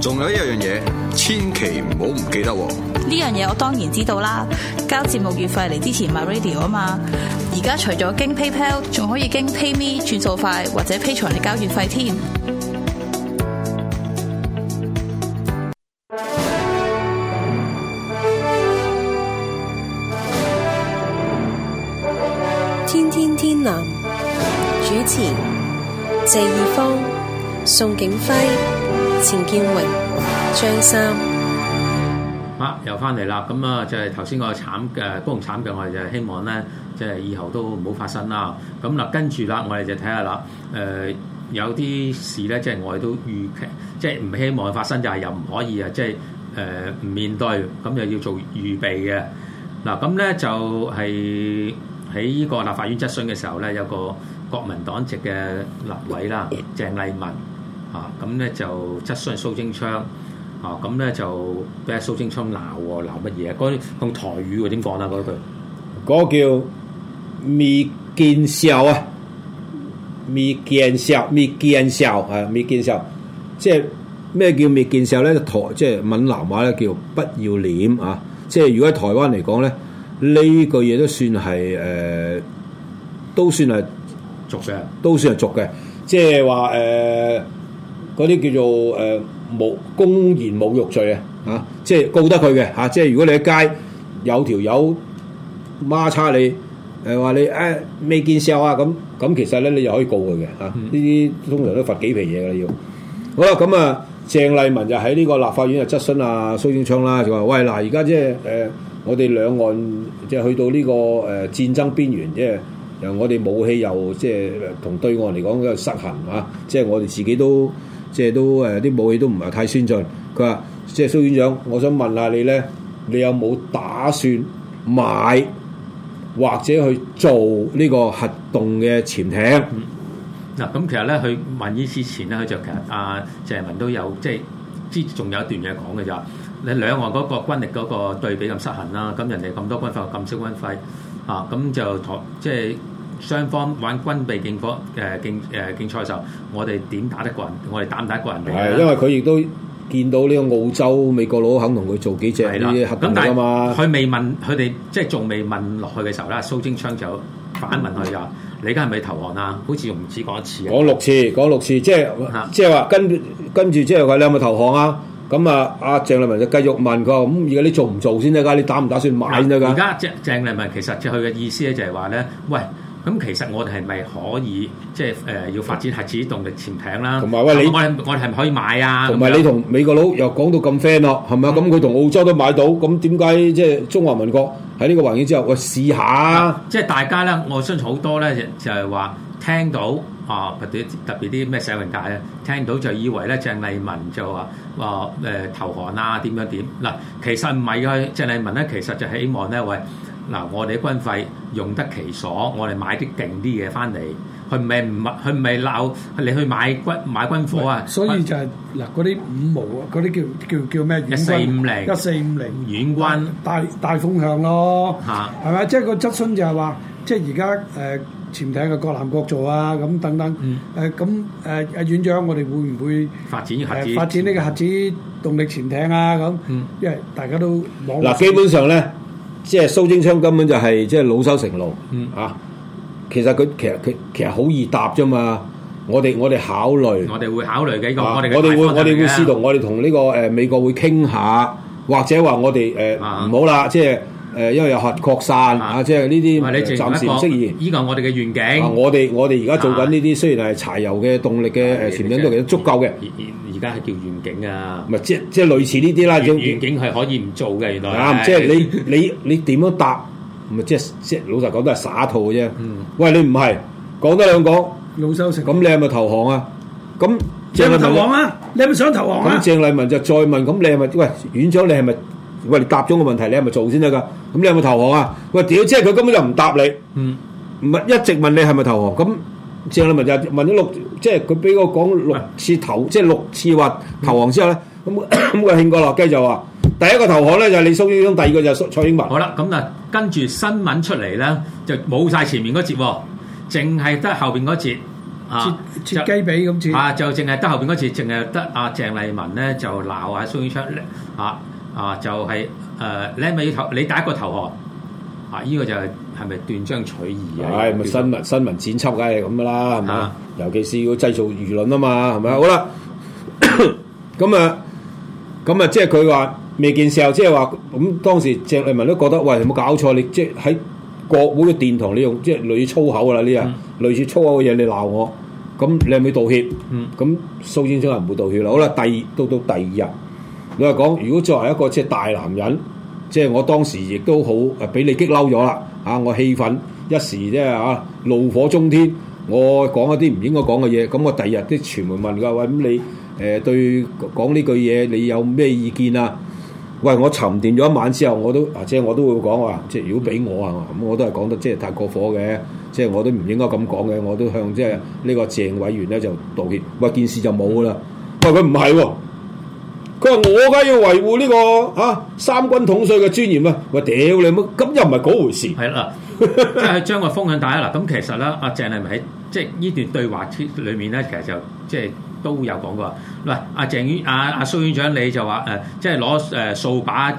仲有一樣嘢，千祈唔好唔記得喎！呢樣嘢我當然知道啦，交節目月費嚟支持 MyRadio 啊嘛！而家除咗經 PayPal，仲可以經 PayMe 轉數快或者 Patreon 嚟交月費添。天天天藍主持謝義方、宋景輝。宋景輝、張三，啊，又翻嚟啦！咁啊、呃，就係頭先個慘嘅，高雄慘嘅，我哋就係希望咧，即係以後都唔好發生啦。咁嗱，跟住啦，我哋就睇下啦。誒、呃，有啲事咧，即、就、係、是、我哋都預期，即係唔希望發生，就係又唔可以啊，即係誒唔面對，咁、嗯、又要做預備嘅。嗱，咁咧就係喺呢個立法院質詢嘅時候咧，有個國民黨籍嘅立委啦，鄭麗文。啊，咁咧就質詢蘇貞昌，啊，咁、嗯、咧、啊、就俾阿蘇貞昌鬧喎，鬧乜嘢啊？啲用、啊、台語喎，點講啊？嗰句嗰個叫未見笑啊，未見笑，未見笑啊，未見笑。即係咩叫未見笑咧？台即係閩南話咧叫不要臉啊。即係如果喺台灣嚟講咧，呢句嘢都算係誒、呃，都算係俗嘅，的啊、都算係俗嘅。即係話誒。呃嗯嗰啲叫做誒冇、呃、公然侮辱罪啊，嚇、啊，即係告得佢嘅嚇，即係如果你喺街有條友孖叉你，係話你誒未見笑啊咁，咁其實咧你又可以告佢嘅嚇，呢、啊、啲通常都罰幾皮嘢噶要。好、啊、啦，咁啊，鄭麗文就喺呢個立法院就質詢啊蘇貞昌啦、啊，啊、就話喂嗱，而家即係誒我哋兩岸即係去到呢、這個誒、呃、戰爭邊緣、就是，即係由我哋武器又即係同對岸嚟講都失衡啊，即、就、係、是、我哋自己都。即係都誒，啲武器都唔係太先進。佢話：即係蘇院長，我想問下你咧，你有冇打算買或者去做呢個核動嘅潛艇？嗱、嗯，咁其實咧，佢問呢之前咧，佢就其實阿、啊、仁文都有即係之仲有一段嘢講嘅就。你兩岸嗰個軍力嗰個對比咁失衡啦，咁人哋咁多軍費又咁少軍費嚇，咁、啊、就台即係。雙方玩軍備競火誒競誒競賽嘅時候，我哋點打得過人？我哋打唔打得過人哋咧？係因為佢亦都見到呢個澳洲美國佬肯同佢做幾隻核潛艇啊嘛。佢未問佢哋，即係仲未問落去嘅時候咧，蘇貞昌就反問佢話：你而家係咪投降啊？好似唔止講一次，講六次，講六次，即係即係話跟跟住之後佢你有冇投降啊？咁啊，阿、啊、鄭麗文就繼續問佢：咁而家你做唔做先得㗎？你打唔打算買得㗎？而家鄭鄭麗文其實就佢嘅意思咧，就係話咧，喂。喂咁其實我哋係咪可以即係誒、呃、要發展核子動力潛艇啦？同埋喂，你、啊、我哋我哋係咪可以買啊？同埋你同美國佬又講到咁 friend 啊？係咪？咁佢同澳洲都買到，咁點解即係中華民國喺呢個環境之後，我試下、啊？即係大家咧，我相信好多咧就係、是、話聽到啊，特別特別啲咩社民黨啊，聽到就以為咧鄭麗文就話話誒投降啊點樣點嗱，其實唔係㗎，鄭麗文咧其實就希望咧喂。嗱，我哋軍費用得其所，我哋買啲勁啲嘢翻嚟，佢唔係唔佢唔係鬧，佢你去買軍買軍火啊！所以就係嗱，嗰啲五毛啊，嗰啲叫叫叫咩？一四五零，一四五零，遠軍大大風向咯，係咪？即係個質詢就係話，即係而家誒潛艇嘅國艦國造啊，咁等等誒咁誒，阿院長，我哋會唔會發展核子？發展呢個核子動力潛艇啊？咁因為大家都嗱，基本上咧。即係蘇貞昌根本就係即係老羞成怒，嗯、啊！其實佢其實佢其實好易答啫嘛。我哋我哋考慮，我哋、啊、會考慮幾個我，我哋會我哋會試圖我哋同呢個誒美國會傾下，或者話我哋誒唔好啦，即係誒因為有核擴散，啊，即係呢啲暫時唔適宜。依個我哋嘅願景。我哋我哋而家做緊呢啲雖然係柴油嘅動力嘅誒潛艇都其實足夠嘅。而家係叫願景啊，唔係即係即係類似呢啲啦。種願景係可以唔做嘅，原來啊，即係你你你點樣答？唔係即係即係老實講都係耍套嘅啫。嗯，喂，你唔係講多兩講，老羞成咁，你係咪投降啊？咁鄭，投降啊？你係咪想投降啊？咁鄭麗文就再問，咁你係咪？喂，院長，你係咪？喂，你答咗個問題，你係咪做先得噶？咁你係咪投降啊？喂，屌！即係佢根本就唔答你。嗯，唔係一直問你係咪投降？咁之後問就問咗六，即係佢俾我講六次投，即、就、係、是、六次話投降之後咧，咁咁個慶哥落雞就話，第一個投降咧就是、李淑英，第二個就蔡英文。好啦，咁啊，跟住新聞出嚟咧，就冇晒前面嗰節，淨係得後邊嗰節啊，節啊切、切雞髀咁啊，就淨係得後邊嗰節，淨係得阿鄭麗文咧就鬧啊，蘇英昌啊啊，就係、是、誒、啊，你咪要投，你第一個投降啊，依、這個就是。係咪斷章取義啊？係咪、哎、新聞新聞剪輯梗係咁噶啦，係咪、啊？尤其是要製造輿論啊嘛，係咪？好啦，咁啊、 嗯、咁、嗯、啊，即係佢話未見時候，即係話咁當時鄭麗文都覺得喂，有冇搞錯，你即係喺國母嘅殿堂，你用即係類似粗口噶啦呢樣，類似粗口嘅嘢你鬧我，咁你係咪道歉？咁蘇先生係唔會道歉啦。好啦，第二到到第二日，你話講，如果作為一個即係大男人，即係我當時亦都好誒，俾你激嬲咗啦。啊！我氣憤，一時即係啊，怒火中天。我講一啲唔應該講嘅嘢，咁我第二日啲傳媒問㗎，喂，咁你誒對講呢句嘢，你有咩意見啊？喂，我沉澱咗一晚之後，我都即係我都會講話，即係如果俾我啊，咁我都係講得即係太過火嘅，即係我都唔應該咁講嘅，我都向即係呢個鄭委員咧就道歉。喂，件事就冇噶啦。喂、哦，佢唔係喎。佢話我梗要維護呢、這個嚇、啊、三軍統帥嘅尊嚴啊。我屌你咁又唔係嗰回事。係啦的， 即係將個風向大啦。咁其實咧、啊，阿鄭麗文喺即係呢段對話裏面咧，其實就即係都有講過。喂、啊，阿鄭院阿阿、啊啊啊、蘇院長你就話誒、啊，即係攞誒掃把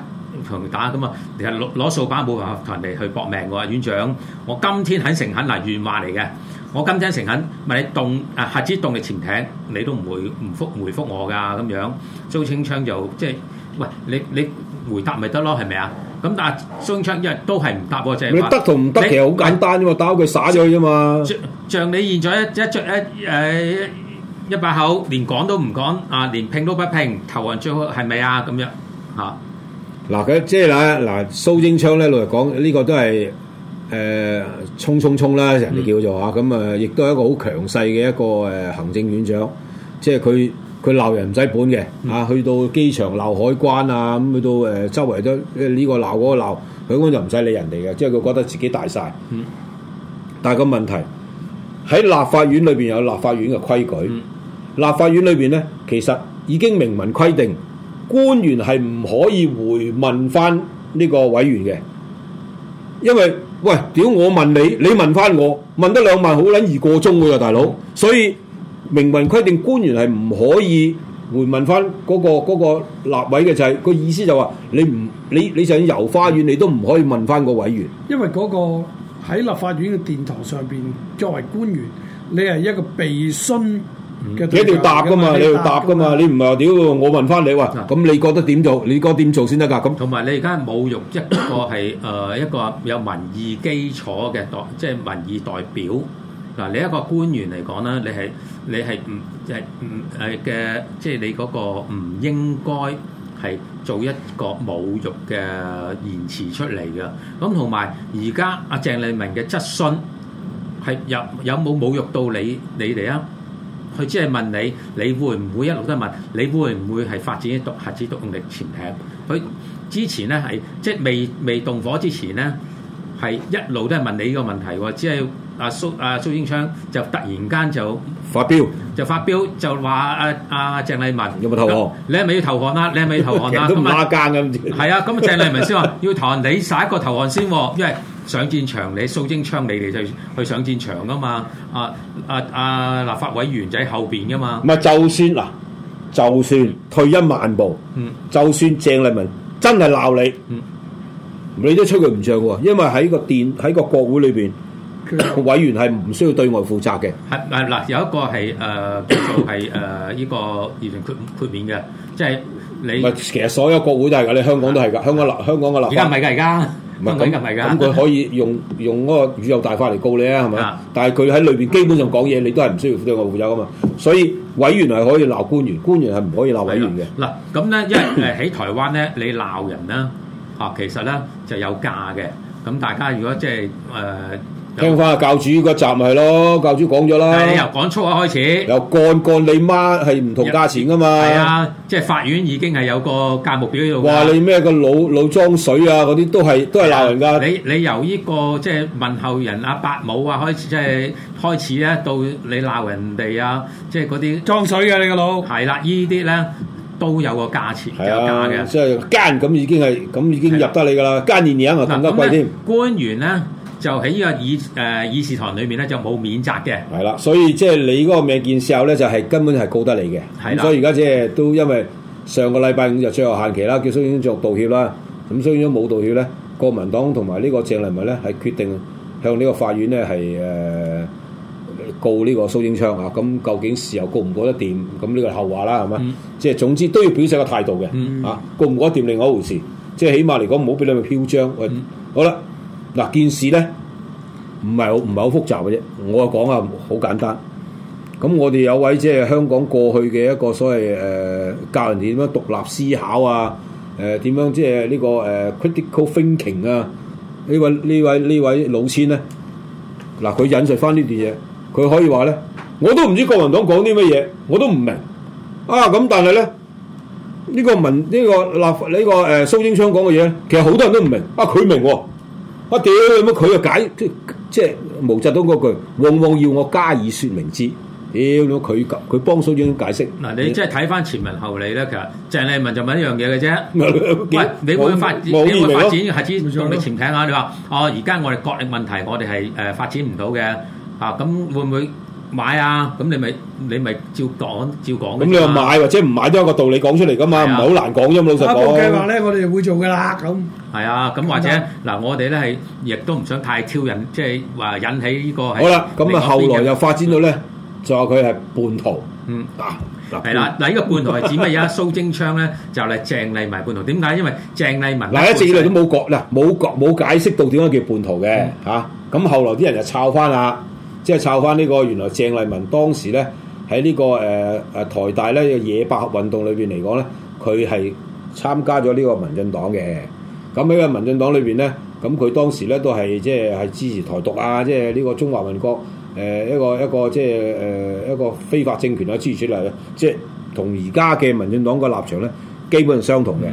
同人打咁啊！其實攞攞掃把冇辦法同人哋去搏命㗎喎、啊，院長。我今天很誠懇嗱，願話嚟嘅。我今天誠肯，問你動啊核子動力潛艇，你都唔會唔復回覆我噶咁樣。蘇清昌就即係，喂你你回答咪得咯，係咪啊？咁但係蘇清昌日都係唔答我，即係話。你得同唔得其實好簡單啫喎，打開佢耍咗佢啫嘛。像你現在一一著一誒一一把口，連講都唔講啊，連拼都不拼，投降最好係咪啊？咁樣嚇嗱，佢即係啦嗱，蘇清昌咧老實講，呢個都係。誒，衝衝衝啦！人哋叫做嚇，咁、啊、誒亦都係一個好強勢嘅一個誒、呃、行政院長，即係佢佢鬧人唔使本嘅嚇、啊，去到機場鬧海關啊，咁去到誒、呃、周圍都呢、這個鬧嗰、這個鬧，佢、這、嗰、個這個、就唔使理人哋嘅，即係佢覺得自己大晒。但係個問題喺立法院裏邊有立法院嘅規矩，嗯、立法院裏邊咧其實已經明文規定，官員係唔可以回問翻呢個委員嘅，因為。喂，屌！我問你，你問翻我，問得兩萬好撚易過鐘喎，大佬。所以明文規定，官員係唔可以回問翻嗰個嗰個立委嘅，就係、是、個意思就話、是、你唔你你想遊花園，你都唔可以問翻個委員，因為嗰個喺立法院嘅殿堂上邊，作為官員，你係一個被詢。你要答噶嘛？你要答噶嘛？你唔係話屌我問翻你話，咁你覺得點做？你覺得點做先得噶？咁同埋你而家侮辱一個係誒一個有民意基礎嘅代，即係民意代表嗱，你一個官員嚟講啦，你係你係唔即係唔誒嘅，即係你嗰個唔應該係做一個侮辱嘅言辭出嚟噶。咁同埋而家阿鄭麗文嘅質詢係有有冇侮辱到你你哋啊？佢只係問你，你會唔會一路都係問？你會唔會係發展啲核子動力潛艇？佢之前咧係即係未未動火之前咧，係一路都係問你呢個問題喎。只係阿蘇阿蘇貞昌就突然間就發飆，就發飆就話阿阿鄭麗文有冇投降？你係咪要投降啊？你係咪要投降啊？都拉奸咁，係啊！咁鄭麗文先話要投降，你殺一個投降先喎，因為，上戰場，你蘇貞昌，你哋就去上戰場噶嘛？啊啊啊！立法委員就喺後邊噶嘛？唔係，就算嗱，就算退一萬步，嗯，就算鄭麗文真係鬧你，嗯，你都出佢唔著喎，因為喺個電喺個國會裏邊，委員係唔需要對外負責嘅。係係嗱，有一個係誒，係誒依個議程豁豁免嘅，即係你唔係，其實所有國會都係㗎，你香港都係㗎，香港立香港嘅立法。而家唔係㗎，而家。唔係咁，佢可以用 用嗰個語有大法嚟告你啊，係咪？ 但係佢喺裏邊基本上講嘢，你都係唔需要對我負責㗎嘛。所以委員係可以鬧官員，官員係唔可以鬧委員嘅。嗱，咁咧，因為誒喺、呃、台灣咧，你鬧人啦，嚇、啊，其實咧就有價嘅。咁、啊、大家如果即係誒。呃聽翻教主個集咪咯，教主講咗啦。係你由講粗口開始，由幹幹你媽係唔同價錢噶嘛？係啊，即係法院已經係有個價目表喺度。話你咩個腦腦裝水啊？嗰啲都係都係鬧人噶。你你由呢個即係問候人啊，伯母啊開始，即係開始咧到你鬧人哋啊，即係嗰啲裝水啊，你個腦係啦，呢啲咧都有個價錢有價嘅。即係奸咁已經係咁已經入得你噶啦，奸年年啊更加貴添。官員咧。就喺呢個議誒議事堂裏面咧，就冇免責嘅。係啦，所以即係你嗰個咩件事候咧，就係根本係告得你嘅。係的所以而家即係都因為上個禮拜五就最後限期啦，叫蘇英章道歉啦。咁蘇英章冇道歉咧，國民黨同埋呢個鄭麗文咧係決定向呢個法院咧係誒告呢個蘇英昌啊。咁、啊、究竟事後告唔告得掂？咁呢個後話啦，係嘛？即係、嗯、總之都要表達個態度嘅。嗯、啊，告唔告得掂另外一回事。即、就、係、是、起碼嚟講，唔好俾你哋囂張。喂，嗯、好啦。嗱、啊、件事咧唔係唔係好複雜嘅啫，我講啊好簡單。咁、啊、我哋有位即係香港過去嘅一個所謂誒、呃、教人點樣獨立思考啊，誒、呃、點樣即係呢個誒、呃、critical thinking 啊呢位呢位呢位，位老千咧，嗱佢引述翻呢段嘢，佢可以話咧，我都唔知國民黨講啲乜嘢，我都唔明啊。咁但係咧呢、這個民呢、這個立呢、這個誒蘇貞昌講嘅嘢，其實好多人都唔明啊，佢明啊。我屌，乜佢又解即即係毛澤東嗰句，往往要我加以說明之。屌，乜佢佢幫手點解釋？嗱、啊，你即係睇翻前文後理咧。其實鄭麗文就問一樣嘢嘅啫。 喂，你會發展，你會發展下次用咩潛艇啊？你話哦，而家我哋國力問題，我哋係誒發展唔到嘅啊，咁會唔會？買啊，咁你咪你咪照講照講。咁你又買或者唔買都有一個道理講出嚟噶嘛，唔係好難講啫嘛，老實講。一個計劃咧，我哋會做噶啦。咁係啊，咁或者嗱，我哋咧係亦都唔想太挑引，即係話引起呢個。好啦，咁啊，後來又發展到咧，就話佢係叛徒。嗯，嗱，係啦，嗱，呢個叛徒係指乜嘢啊？蘇貞昌咧就係鄭麗文叛徒，點解？因為鄭麗文嗱，一直以來都冇講啦，冇講冇解釋到點解叫叛徒嘅吓。咁後來啲人就抄翻啦。即係抄翻呢個原來鄭麗文當時咧喺呢、這個誒誒、呃、台大咧嘅野百合運動裏邊嚟講咧，佢係參加咗呢個民，民進黨嘅。咁喺個民進黨裏邊咧，咁佢當時咧都係即係係支持台獨啊，即係呢個中華民國誒、呃、一個一個即係誒一個非法政權啊支持出嚟嘅。即係同而家嘅民進黨個立場咧，基本上相同嘅。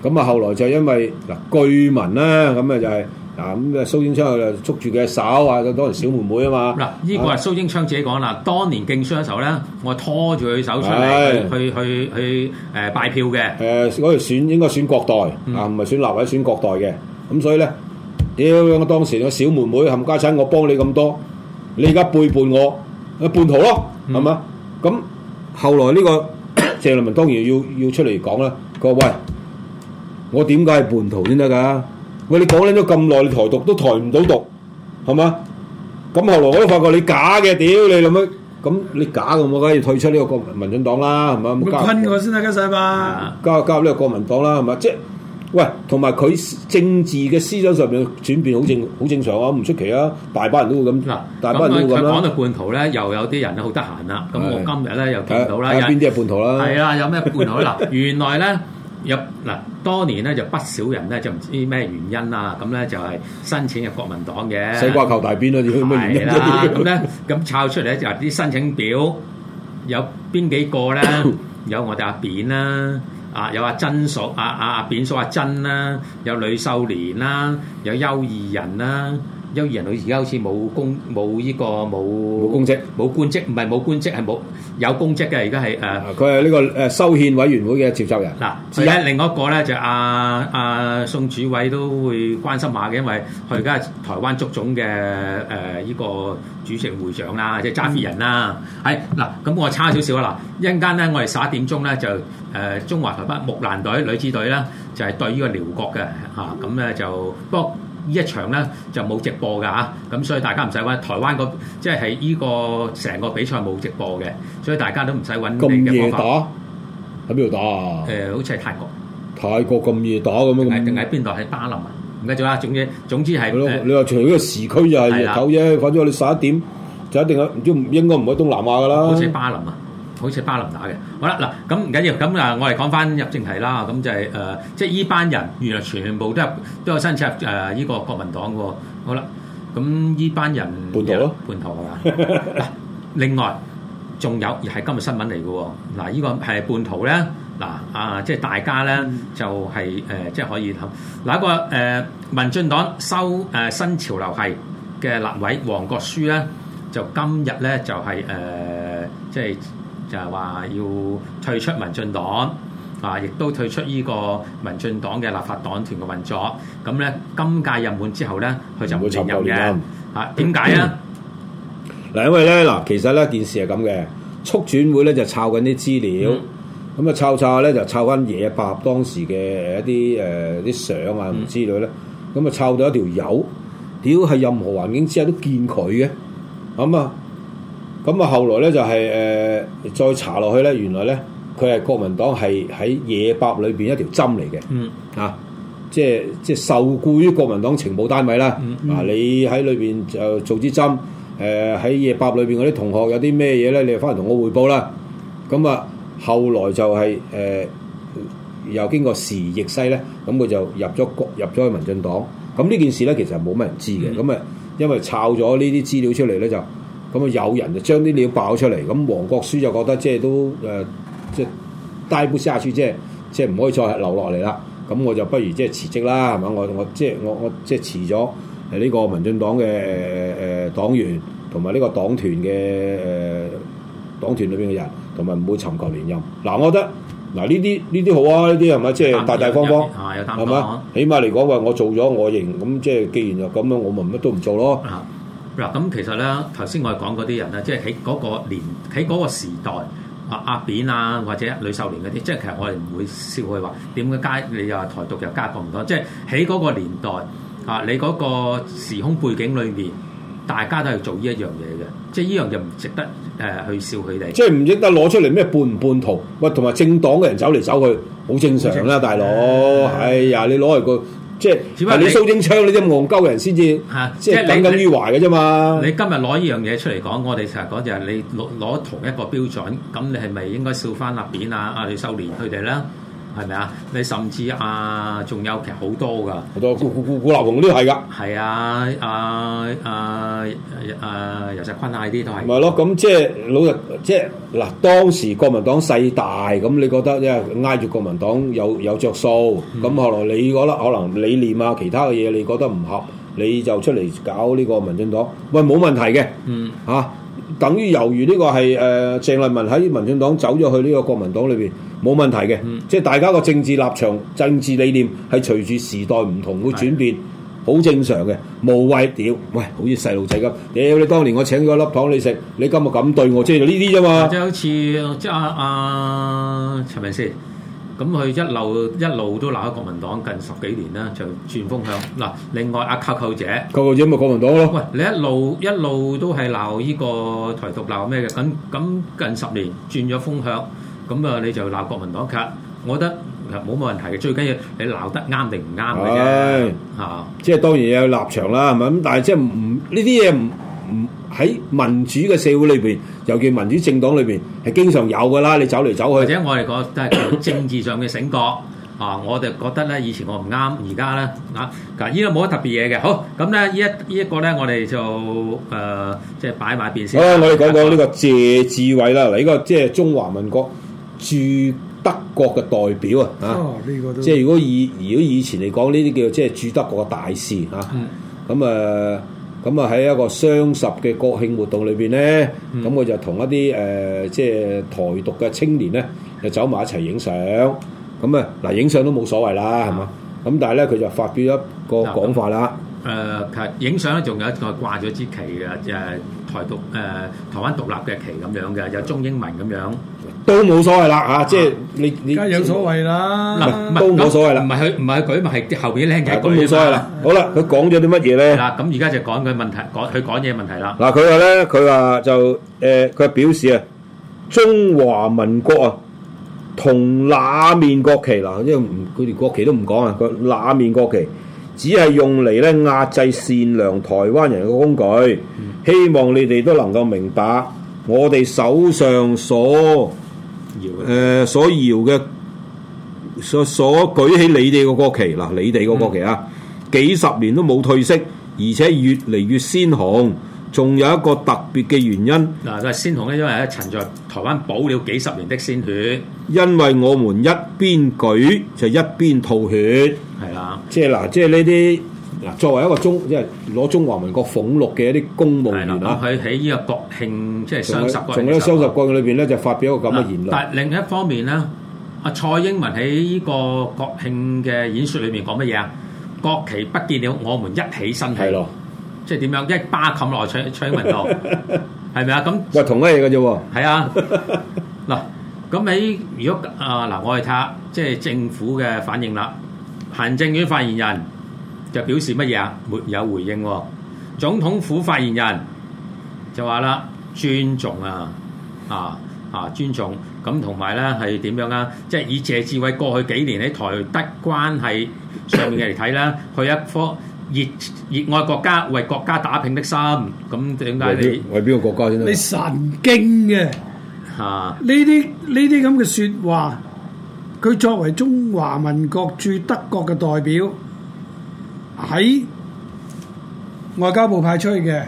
咁啊、嗯，後來就因為嗱據聞咧，咁啊，啊就係、是。嗱咁蘇英昌就捉住佢嘅手啊，嗰當年小妹妹啊嘛。嗱、啊、呢、這個係蘇英昌自己講啦。啊、當年競選嗰時候咧，我拖住佢手出嚟、哎、去去去誒、呃、拜票嘅。誒，我哋選應該選國代、嗯、啊、唔係選立委，選國代嘅。咁、啊、所以咧，屌我當時個小妹妹冚家鏟，我幫你咁多，你而家背叛我，去叛徒咯，係嘛、嗯？咁、嗯啊、後來呢、這個鄭立文當然要要出嚟講啦。佢話喂，我點解係叛徒先得噶？喂，你講緊咗咁耐，你台獨都抬唔到獨，係嘛？咁後來我都發覺你假嘅，屌你諗乜，咁你，你，你假嘅，我梗係退出呢個國民民進黨啦，係嘛？咁交，唔困我先啦，家細嘛？交交呢個國民黨啦，係嘛？即係，喂，同埋佢政治嘅思想上面轉變好正，好正常啊，唔出奇啊，大把人都會咁啦，那大把人都咁啦、啊。講到叛徒咧，又有啲人好得閒啦，咁我今日咧的又見到啦，有邊啲係叛徒啦？係啊，有咩叛徒啦？原來咧。入嗱當年咧，就不少人咧，就唔知咩原因啦、啊。咁咧就係申請入國民黨嘅。西瓜靠大邊啦、啊，你都咩嘢？咁咧的，咁抄 出嚟咧就係啲申請表，有邊幾個咧、 啊？有我哋、啊啊、阿扁啦，啊有阿珍嫂，阿阿扁嫂阿珍啦，有呂秀蓮啦、啊，有邱義仁啦。啊邱義仁佢而家好似冇工冇呢個冇公職，冇官職，唔係冇官職，係冇有公職嘅。而家係誒，佢係呢個誒修憲委員會嘅召集人。嗱喏，而家一另一個咧就阿阿、啊啊、宋主委都會關心下嘅，因為佢而家係台灣足總嘅誒呢個主席會長啦，即係揸飛人啦。係嗱、嗯，咁、哎、我差少少啦，一陣間咧我哋十一點鐘咧就誒、呃、中華台北木蘭隊女子隊啦，啊啊、就係對呢個遼國嘅嚇，咁咧就不。呢一場咧就冇直播㗎嚇，咁所以大家唔使揾。台灣即個即係喺呢個成個比賽冇直播嘅，所以大家都唔使揾。咁夜打喺邊度打啊？誒、呃，好似係泰國。泰國咁夜打咁樣。定喺邊度？喺巴林啊？唔記得咗啊，總之總之係。了呃、你話除咗時區就係九啫，了反正我哋十一點就一定啦。唔知唔應該唔喺東南亞㗎啦。好似係巴林啊！好似巴林打嘅，好啦嗱，咁唔緊要，咁啊，我哋講翻入正題啦，咁就係、是、誒、呃，即係依班人原來全部都入，都有申請入誒依個國民黨嘅，好啦，咁依班人叛徒咯，叛徒係嘛？嗱， 另外仲有而係今日新聞嚟嘅喎，嗱、這個、呢個係叛徒咧，嗱啊，即係大家咧就係、是、誒、呃，即係可以嗱、啊、一個誒、呃、民進黨收誒、呃、新潮流系嘅立委黃國書咧，就今日咧就係、是、誒、呃就是呃、即係。就係話要退出民進黨，啊，亦都退出呢個民進黨嘅立法黨團嘅運作。咁咧，今屆任滿之後咧，佢就唔會連任嘅。嚇，點解啊？嗱，因為咧嗱，其實咧件事係咁嘅，促轉會咧就抄緊啲資料，咁啊、嗯，抄抄咧就抄翻野百合當時嘅一啲誒啲相啊，唔知類咧，咁啊，抄到、嗯、一條友，屌係任何環境之下都見佢嘅，咁啊。咁啊，後來咧就係、是、誒、呃、再查落去咧，原來咧佢係國民黨係喺野百裏邊一條針嚟嘅，嗯、啊，即係即係受雇於國民黨情報單位啦。嗯嗯、啊，你喺裏邊就做支針，誒喺野百裏邊嗰啲同學有啲咩嘢咧，你哋翻嚟同我彙報啦。咁啊，後來就係、是、誒、呃、又經過時移勢咧，咁、啊、佢就入咗國入咗民進黨。咁、啊、呢件事咧其實冇乜人知嘅。咁啊、嗯，因為抄咗呢啲資料出嚟咧就。咁啊！有人就將啲料爆出嚟，咁黃國書就覺得即係都誒、呃，即係大不下議，即係即係唔可以再留落嚟啦。咁我就不如即係辭職啦，係咪？我我即係我我即係辭咗誒呢個民進黨嘅誒、呃、黨員同埋呢個黨團嘅、呃、黨團裏邊嘅人，同埋唔會尋求連任。嗱、啊，我覺得嗱呢啲呢啲好啊，呢啲係咪即係大大方方係咪？起碼嚟講話，我做咗我認，咁即係既然就咁樣，我咪乜都唔做咯。嗱，咁其實咧，頭先我哋講嗰啲人咧，即係喺嗰個年，喺嗰個時代，啊阿扁啊，或者呂秀蓮嗰啲，即係其實我哋唔會笑佢話點解加，你又台獨又加咁多，即係喺嗰個年代啊，你嗰個時空背景裏面，大家都係做依一樣嘢嘅，即係依樣就唔值得誒、呃、去笑佢哋。即係唔值得攞出嚟咩叛唔叛徒，喂，同埋政黨嘅人走嚟走去，好正常啦，常大佬哥。哎呀，啊、你攞嚟個～即不過你蘇貞昌你啲戇鳩人先至嚇，即係耿耿於懷嘅啫嘛。啊、你今日攞呢樣嘢出嚟講，我哋成日講就係你攞攞同一個標準，咁你係咪應該笑翻立扁啊？阿呂秀蓮佢哋啦。啊係咪啊？你甚至啊，仲有其實好多噶，好多古古古顧立雄都係噶。係啊，啊啊啊，游錫堃啊啲都係。咪係咯？咁、嗯嗯、即係老實，即係嗱，當時國民黨勢大，咁你覺得即係挨住國民黨有有着數，咁後來你覺得可能理念啊，其他嘅嘢你覺得唔合，你就出嚟搞呢個民進黨，喂冇問題嘅，嗯嚇。啊等於由於呢個係誒、呃、鄭麗文喺民進黨走咗去呢個國民黨裏邊冇問題嘅，嗯、即係大家個政治立場、政治理念係隨住時代唔同會轉變，好是的 正常嘅。無謂屌，喂，好似細路仔咁，屌你當年我請咗粒糖你食，你今日咁對我，即係呢啲啫嘛。即就好似即係阿陳文茜。咁佢一路一路都鬧國民黨近十幾年啦，就轉風向。嗱，另外阿扣扣姐，扣扣姐咪國民黨咯、啊。喂，你一路一路都係鬧呢個台獨鬧咩嘅？咁咁近十年轉咗風向，咁、嗯、啊你就鬧國民黨。其實我覺得冇問題嘅，最緊要你鬧得啱定唔啱嘅啫。嚇是，啊、即係當然有立場啦，係咪？咁但係即係唔呢啲嘢唔。喺民主嘅社會裏邊，尤其民主政黨裏邊，係經常有㗎啦。你走嚟走去，或者我哋講都係政治上嘅醒覺 啊！我哋覺得咧，以前我唔啱，而家咧啊，嗱，而家冇乜特別嘢嘅。好，咁咧，依、嗯、一依一個咧，我哋就誒、呃、即係擺埋邊先。好吧，我哋講講呢個謝志偉啦。呢個即係中華民國駐德國嘅代表啊。啊，呢、這個即係如果以如果以前嚟講，呢啲叫即係駐德國嘅大使啊。咁啊、嗯。呃咁啊喺一個雙十嘅國慶活動裏邊咧，咁佢就同一啲誒、呃、即係台獨嘅青年咧，就走埋一齊影相。咁啊嗱，影相都冇所謂啦，係嘛？咁、啊、但係咧佢就發表一個講法啦。誒、啊，其實影相咧仲有一個掛咗支旗嘅，誒台獨誒、呃、台灣獨立嘅旗咁樣嘅，就係中英文咁樣。都冇所謂啦，吓，即係你你。梗係有所謂啦，嗱，都冇所謂啦，唔係佢唔係佢舉目係後邊靚嘅一句啦。冇所謂啦，好啦，佢講咗啲乜嘢咧？嗱，咁而家就講佢問題，講佢講嘢問題啦。嗱，佢話咧，佢話就誒，佢表示啊，中華民國啊，同那面國旗嗱，因為，佢哋國旗都唔講啊，佢那面國旗，只係用嚟咧壓制善良台灣人嘅工具，希望你哋都能夠明白，我哋手上所誒、呃、所搖嘅，所所舉起你哋個國旗嗱，你哋個國旗啊，嗯、幾十年都冇褪色，而且越嚟越鮮紅。仲有一個特別嘅原因嗱，就係鮮紅咧，因為咧曾在台灣補了幾十年的鮮血，因為我們一邊舉就一邊吐血，係啦、啊，即係嗱，即係呢啲。作為一個中，即係攞中華民國俸祿嘅一啲公務員啊，佢喺呢個國慶即係雙十個，從呢雙十過年裏邊咧就發表一個咁嘅言論。但另一方面咧，阿蔡英文喺呢個國慶嘅演說裏面講乜嘢啊？國旗不見了，我們一起身」的，起咯。即係點樣一巴冚落去，蔡英文度，係咪 啊？咁又同一嘢嘅啫喎？係 啊，嗱，咁喺如果啊嗱，我哋睇下即係政府嘅反應啦。行政院發言人。就表示乜嘢啊？沒有回應。總統府發言人就話啦：尊重啊，啊啊，尊重。咁同埋咧，係點樣啊？即係以謝志偉過去幾年喺台德關係上面嘅嚟睇啦，佢一顆熱熱愛國家、為國家打拼的心。咁點解你為邊個國家先得？你神經嘅嚇！呢啲呢啲咁嘅説話，佢作為中華民國駐德國嘅代表。喺外交部派出去嘅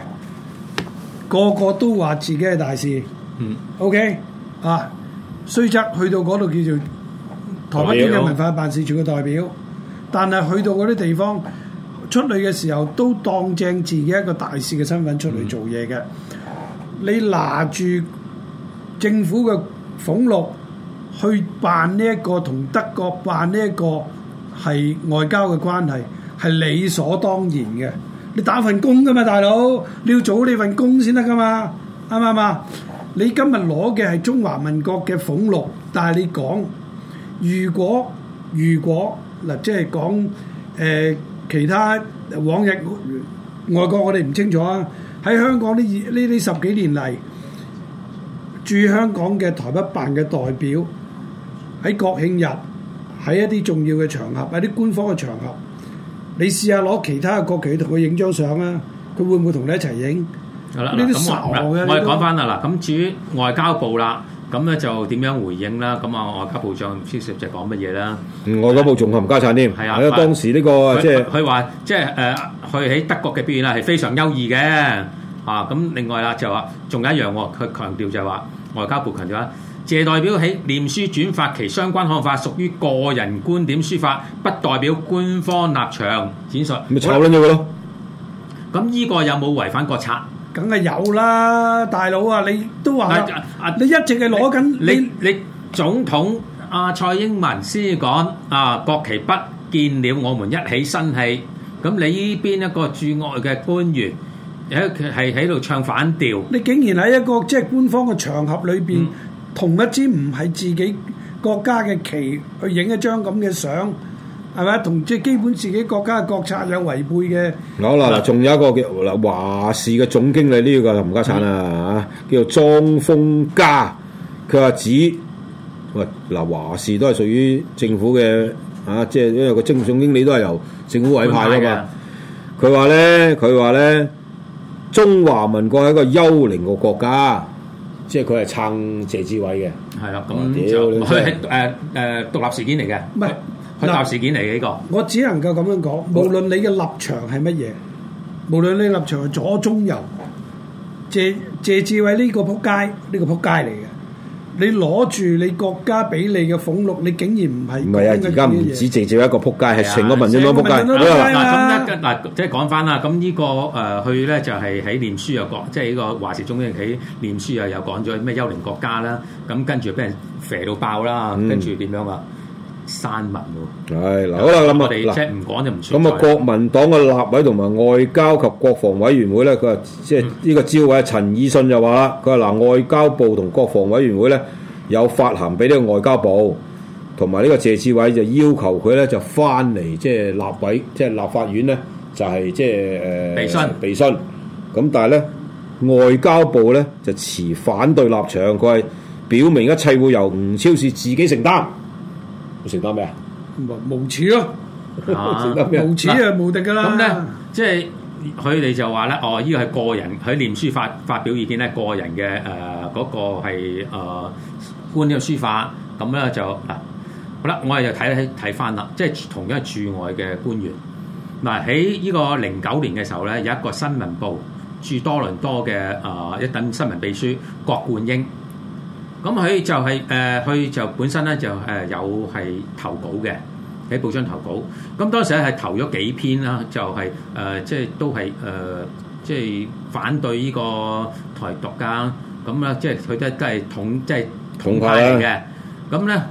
個個都話自己係大使，嗯，OK 啊，雖則去到度叫做台北經濟嘅文化辦事處嘅代表，但係去到啲地方出去嘅時候，都當正自己一個大使嘅身份出嚟做嘢嘅。嗯、你拿住政府嘅俸祿去辦呢、這、一個同德國辦呢一個係外交嘅關係。係理所當然嘅，你打份工㗎嘛，大佬，你要做好你份工先得㗎嘛，啱唔啱嘛？你今日攞嘅係中華民國嘅俸祿，但係你講，如果如果嗱，即係講誒其他往日、呃、外國，我哋唔清楚啊。喺香港呢呢呢十幾年嚟駐香港嘅台北辦嘅代表，喺國慶日，喺一啲重要嘅場合，喺啲官方嘅場合。你試下攞其他嘅國旗同佢影張相啊，佢會唔會同你一齊影？係啦、嗯，呢、嗯、啲、嗯、傻嘅、嗯。我講翻啦，嗱，咁至於外交部啦，咁、嗯、咧就點樣回應啦？咁啊，外交部長唔知就講乜嘢啦？外交部仲係唔加薪添？係、這個、啊，當時呢個即係佢話，即係誒，佢喺、呃、德國嘅表現啊係非常優異嘅啊。咁另外啦就話，仲有一樣佢強調就係話外交部強調。謝代表喺臉書轉發其相關看法，屬於個人觀點書法，不代表官方立場。展述咪炒卵咗佢咯？咁依個有冇違反國策？梗係有啦，大佬啊！你都話啦，你一直係攞緊你你總統阿蔡英文先講啊，國旗不見了，我們一起生氣。咁你依邊一個駐外嘅官員，係係喺度唱反調。你竟然喺一個即係官方嘅場合裏邊，同一支唔係自己國家嘅旗去影一張咁嘅相，係咪？同即係基本自己國家嘅國策有違背嘅。好啦，嗱，仲有一個叫嗱華視嘅總經理呢、呢個林家產啊，啊、嗯，叫做莊豐嘉。佢話指喂嗱華視都係屬於政府嘅啊，即係因為個政府總經理都係由政府委派啊嘛。佢話咧，佢話咧，中華民國係一個幽靈個國家。即係佢係撐謝志偉嘅，係啦、嗯，咁佢係誒誒獨立事件嚟嘅，唔係佢獨立事件嚟嘅呢個，我只能夠咁樣講，無論你嘅立場係乜嘢，無論你立場係左中右，謝謝志偉呢個仆街，呢、呢個仆街嚟嘅。你攞住你國家俾你嘅俸祿，你竟然唔係？唔係啊！而家唔止直接一個仆街，係成個民族都仆街。嗱咁嗱，即係講翻啦。咁呢個誒，佢咧就係喺念書又講，即係呢個華氏中英喺念書又又講咗咩幽靈國家啦。咁跟住俾人肥到爆啦，嗯、跟住點樣啊？散民喎，係嗱，好啦，咁啊，即唔講就唔算。咁啊，國民黨嘅立委同埋外交及國防委員會咧，佢話即係呢個召委啊，陳以信就話啦，佢話嗱，外交部同國防委員會咧有發函俾呢個外交部同埋呢個謝志偉，就要求佢咧就翻嚟即係立委，即係立法院咧就係即係誒備詢備詢。咁但係咧，外交部咧就持反對立場，佢係表明一切會由吳釗燮自己承擔。承擔咩啊？啊無恥咯，無恥係無敵噶啦。咁咧，即係佢哋就話、是、咧，哦，呢個係個人，佢練書法發，發表意見咧，個人嘅誒嗰個係誒觀點書法。咁咧就嗱，好啦，我哋就睇睇翻啦。即係、就是、同樣係駐外嘅官員。嗱，喺呢個零九年嘅時候咧，有一個新聞部駐多倫多嘅誒、呃、一等新聞秘書郭冠英。咁佢就係、是、誒，佢、呃、就本身咧就誒、是呃、有係投稿嘅，喺報章投稿。咁當時咧係投咗幾篇啦、就是呃，就係、是、誒，即係都係誒，即、就、係、是、反對呢個台獨㗎。咁、嗯、啦，即係佢都都係統，即係統派嘅。咁咧派、啊，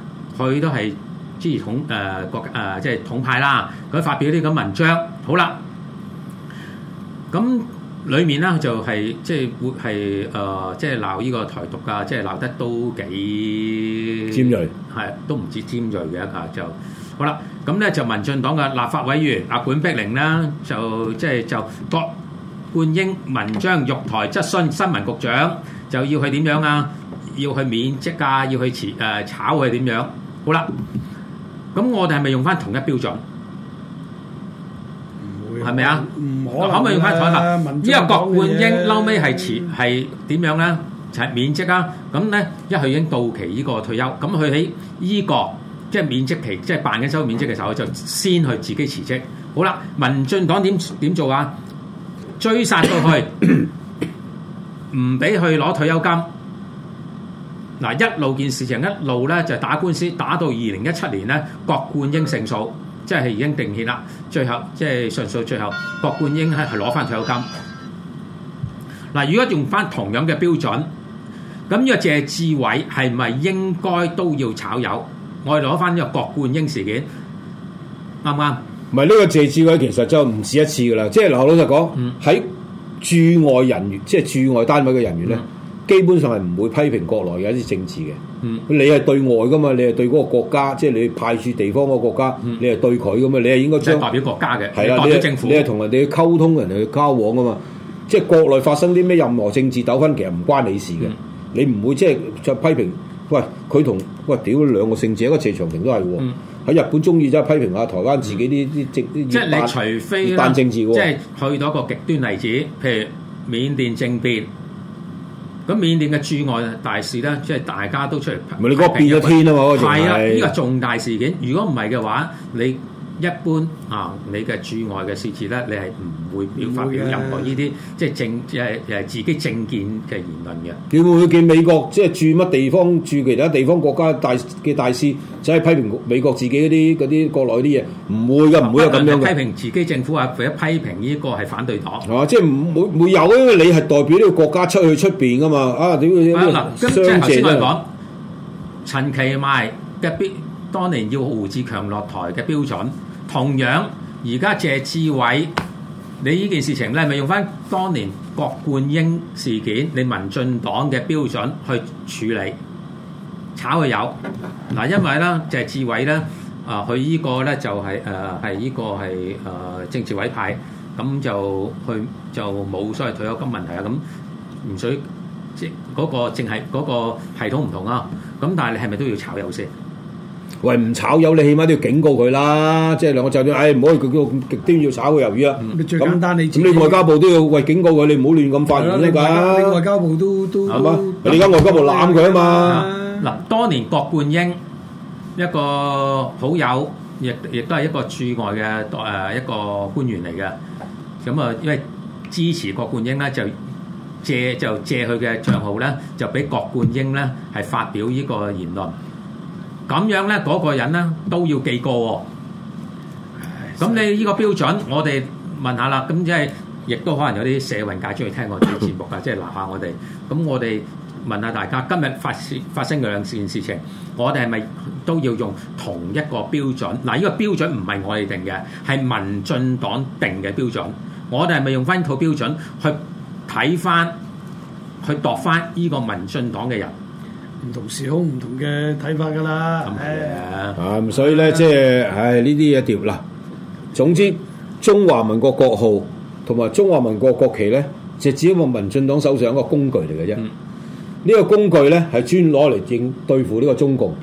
佢都係支持統誒國誒，即、呃、係、就是、統派啦。佢發表啲咁文章，好啦，咁。裡面啦就係即係會係誒即係鬧呢個台獨啊，即係鬧得都幾尖銳，係都唔止尖鋭嘅一個，就。好啦，咁咧就民進黨嘅立法委員阿管碧玲啦，就即係就郭冠英文章辱台質詢新聞局長，就要去點樣啊？要去免職啊？要去辭炒佢點樣？好啦，咁我哋係咪用翻同一標準？係咪、嗯、啊？可唔可以翻台啦？依家郭冠英嬲尾係辭係點樣咧？就係、是、免職啊。咁咧一佢已經到期呢個退休，咁佢喺呢個即係免職期，即係辦緊收免職嘅時候，就先去自己辭職。好啦，民進黨點點做啊？追殺到去，唔俾佢攞退休金。嗱，一路件事情一路咧就係、打官司，打到二零一七年咧，郭冠英勝訴，即係已經定讞啦。最後即係上訴，最後郭冠英咧係攞翻退休金。嗱，如果用翻同樣嘅標準，咁呢個謝志偉係咪應該都要炒魷？我哋攞翻呢個郭冠英事件，啱唔啱？唔係呢個謝志偉，其實就唔止一次噶啦。即係嗱，老實講，喺、嗯、駐外人員，即係駐外單位嘅人員咧。嗯基本上係唔會批評國內嘅一啲政治嘅，你係對外噶嘛？你係對嗰個國家，即係你派駐地方嗰個國家，你係對佢噶嘛？你係應該即係代表國家嘅，係啊，你代表政府，你係同人哋去溝通、人哋去交往噶嘛？即係國內發生啲咩任何政治糾紛，其實唔關你事嘅。你唔會即係再批評，喂，佢同喂，屌兩個政治，一個謝長廷都係喎，喺日本中意即係批評下台灣自己啲啲政，即係你除非即係去到一個極端例子，譬如緬甸政變。咁緬甸嘅駐外大使咧，即係大家都出嚟。唔係你嗰個變咗天啊嘛？仲係呢個重大事件。如果唔係嘅話，你。一般啊，你嘅駐外嘅設置咧，你係唔會表發表任何呢啲即係政誒誒自己政見嘅言論嘅。佢會見美國即係駐乜地方駐其他地方國家大嘅大使，就係批評美國自己嗰啲嗰啲國內啲嘢，唔會嘅，唔會係咁樣嘅。批評自己政府啊，或者批評呢個係反對黨。哦，即係唔會會有，因為你係代表呢個國家出去出邊噶嘛。啊，點點點，雙借咧。陳其邁嘅標當年要胡志強落台嘅標準。同樣，而家謝志偉，你呢件事情咧，係咪用翻當年郭冠英事件，你民進黨嘅標準去處理炒佢魷？嗱，因為咧謝志偉咧啊，佢呢、就是呃、個咧就係誒係呢個係誒政治委派，咁就佢就冇所謂退休金問題啊，咁唔使，即、那、嗰個淨係嗰個系統唔同啊，咁但係你係咪都要炒魷先？喂，唔炒魷你起碼都要警告佢啦，即係兩個就長、是，唉、哎、唔可以佢咁極端要炒佢魷魚啊！咁你外交部都要喂警告佢，你唔好亂咁發言啦、啊！咁、啊、外交部都都，你而家外交部攬佢啊嘛！嗱、嗯，當年郭冠英一個好友，亦亦都係一個駐外嘅誒一個官員嚟嘅，咁、嗯、啊，因為支持郭冠英咧，就借就借佢嘅帳號咧，就俾郭冠英咧係發表呢個言論。咁樣咧，嗰個人咧都要記過喎，哦。咁唉你呢個標準， 我哋問下啦。咁即係亦都可能有啲社運界鍾意聽我哋啲節目噶。 即係嗱下我哋。咁我哋問下大家，今日發事發生兩件事情，我哋係咪都要用同一個標準？嗱、呃、呢，這個標準唔係我哋定嘅，係民進黨定嘅標準。我哋係咪用翻套標準去睇翻、去度翻呢個民進黨嘅人？唔同時空唔同嘅睇法㗎喇，咁所以咧即係，唉呢啲嘢條啦。總之，中華民國國號同埋中華民國國旗咧，就只係個民進黨手上一個工具嚟嘅啫。呢個工具咧係專攞嚟應對付呢個中共。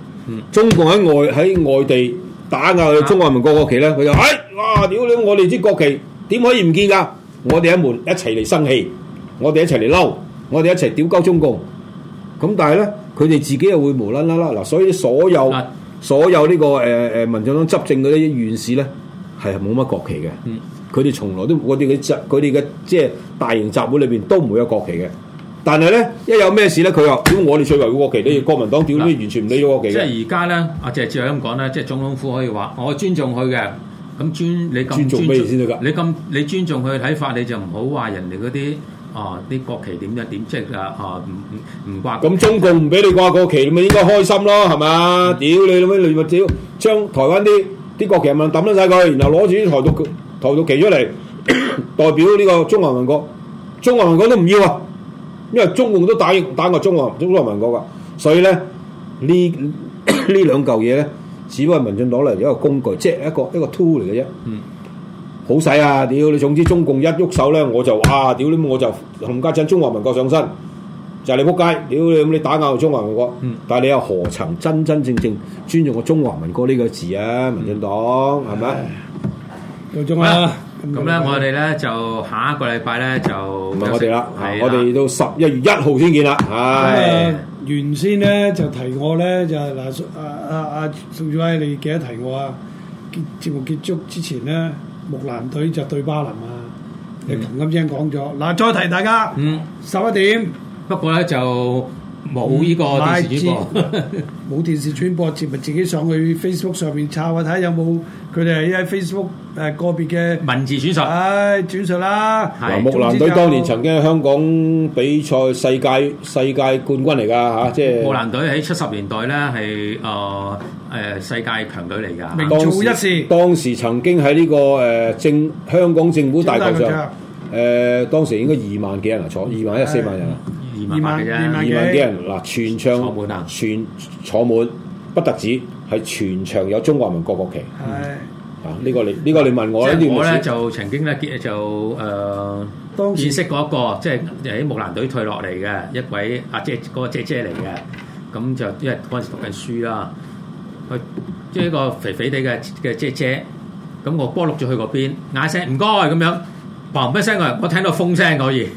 中共喺外喺外地打壓中華民國國旗咧，佢就唉哇屌你！我哋啲國旗點可以唔見㗎？我哋一門一齊嚟生氣，我哋一齊嚟嬲，我哋一齊屌鳩中共。咁但係咧，佢哋自己又會無啦啦啦嗱，所以所有、啊、所有呢、呢個誒誒、呃、民進黨執政嗰啲院士咧，係冇乜國旗嘅。佢哋、嗯、從來都我哋嘅佢哋嘅即係大型集會裏邊都唔會有國旗嘅。但係咧，一有咩事咧，佢話如果我哋最為要國旗，你、嗯、國民黨點都、嗯、完全唔理咗國旗即、啊。即係而家咧，阿謝志偉咁講咧，即係總統府可以話，我尊重佢嘅。咁尊你咁尊，尊，尊，尊重咩先得㗎？你咁你尊重佢嘅睇法，你就唔好話人哋嗰啲。哦，啲國旗點樣點即係啊？哦，唔唔唔掛。咁中共唔俾你掛國旗，咁啊應該開心咯，係嘛？屌、嗯、你老味，你咪屌，將台灣啲啲國旗咪抌咗晒佢，然後攞住啲台獨台獨旗出嚟， 代表呢個中華民國。中華民國都唔要啊，因為中共都打打過中華中華民國噶，所以咧呢 兩呢兩嚿嘢咧，只不過民進黨嚟一個工具，即係一個一個 tool 嚟嘅啫。嗯。好使啊！屌你，總之中共一喐手咧，我就啊，屌你，我就冚家鏟！中華民國上身就係你仆街！屌你，咁你打壓中華民國，但係你又何曾真真正正尊重過中華民國呢個字啊？民進黨係咪夠鍾啦？咁咧，我哋咧就下一個禮拜咧就唔係我哋啦，我哋到十一月一號先見啦。唉，原先咧就提我咧就係嗱，阿阿阿宋景輝，你記得提我啊？結節目結束之前咧。木蘭隊就對巴林啊，你同咁先講咗。嗱，再提大家，嗯，十一點。不過咧就冇呢個電視節目，冇、嗯、 電視轉播，節目自己上去 Facebook 上面抄下睇下有冇佢哋係喺 Facebook 誒個別嘅文字轉述，唉轉述啦。嗱是，木蘭隊當年曾經喺香港比賽世界世界冠軍嚟噶吓，即係木蘭隊喺七十年代咧係誒。誒世界強隊嚟㗎，當時當時曾經喺呢個誒政香港政府大台上，誒當時應該二萬幾人啊，坐二萬一四萬人啊，二萬係嘅二萬幾人嗱，全場坐滿啊，全坐滿，不特止係全場有中華民國國旗，係啊，呢個你呢個你問我咧，我咧就曾經咧就誒當時見識嗰個，即係喺木蘭隊退落嚟嘅一位阿姐，個姐姐嚟嘅，咁就因為嗰陣時讀緊書啦。即係個肥肥哋嘅嘅姐，車，咁我波碌咗去嗰邊，嗌聲唔該咁樣，砰一聲我我聽到風聲可以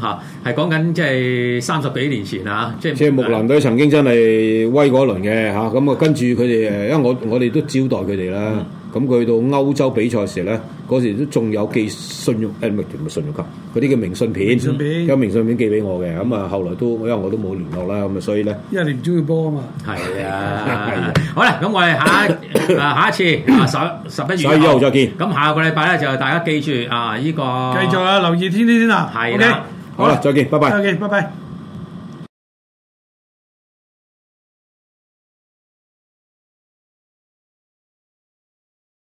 吓，係講緊即係三十幾年前啊，就是、即係木蘭隊曾經真係威嗰輪嘅吓，咁啊跟住佢哋誒，因為我我哋都招待佢哋啦，咁佢、嗯、到歐洲比賽時咧。嗰時都仲有寄信用，M 集團嘅信用卡，嗰啲叫明信片，有明信片寄俾我嘅，咁啊後來都，因為我都冇聯絡啦，咁啊所以咧，因為你唔中意波啊嘛，係啊，好啦，咁我哋下啊下一次十十一月，十一號再見。咁下個禮拜咧就大家記住啊呢個，繼續啊留意天天啊，OK，好啦，再見，拜拜。OK，拜拜。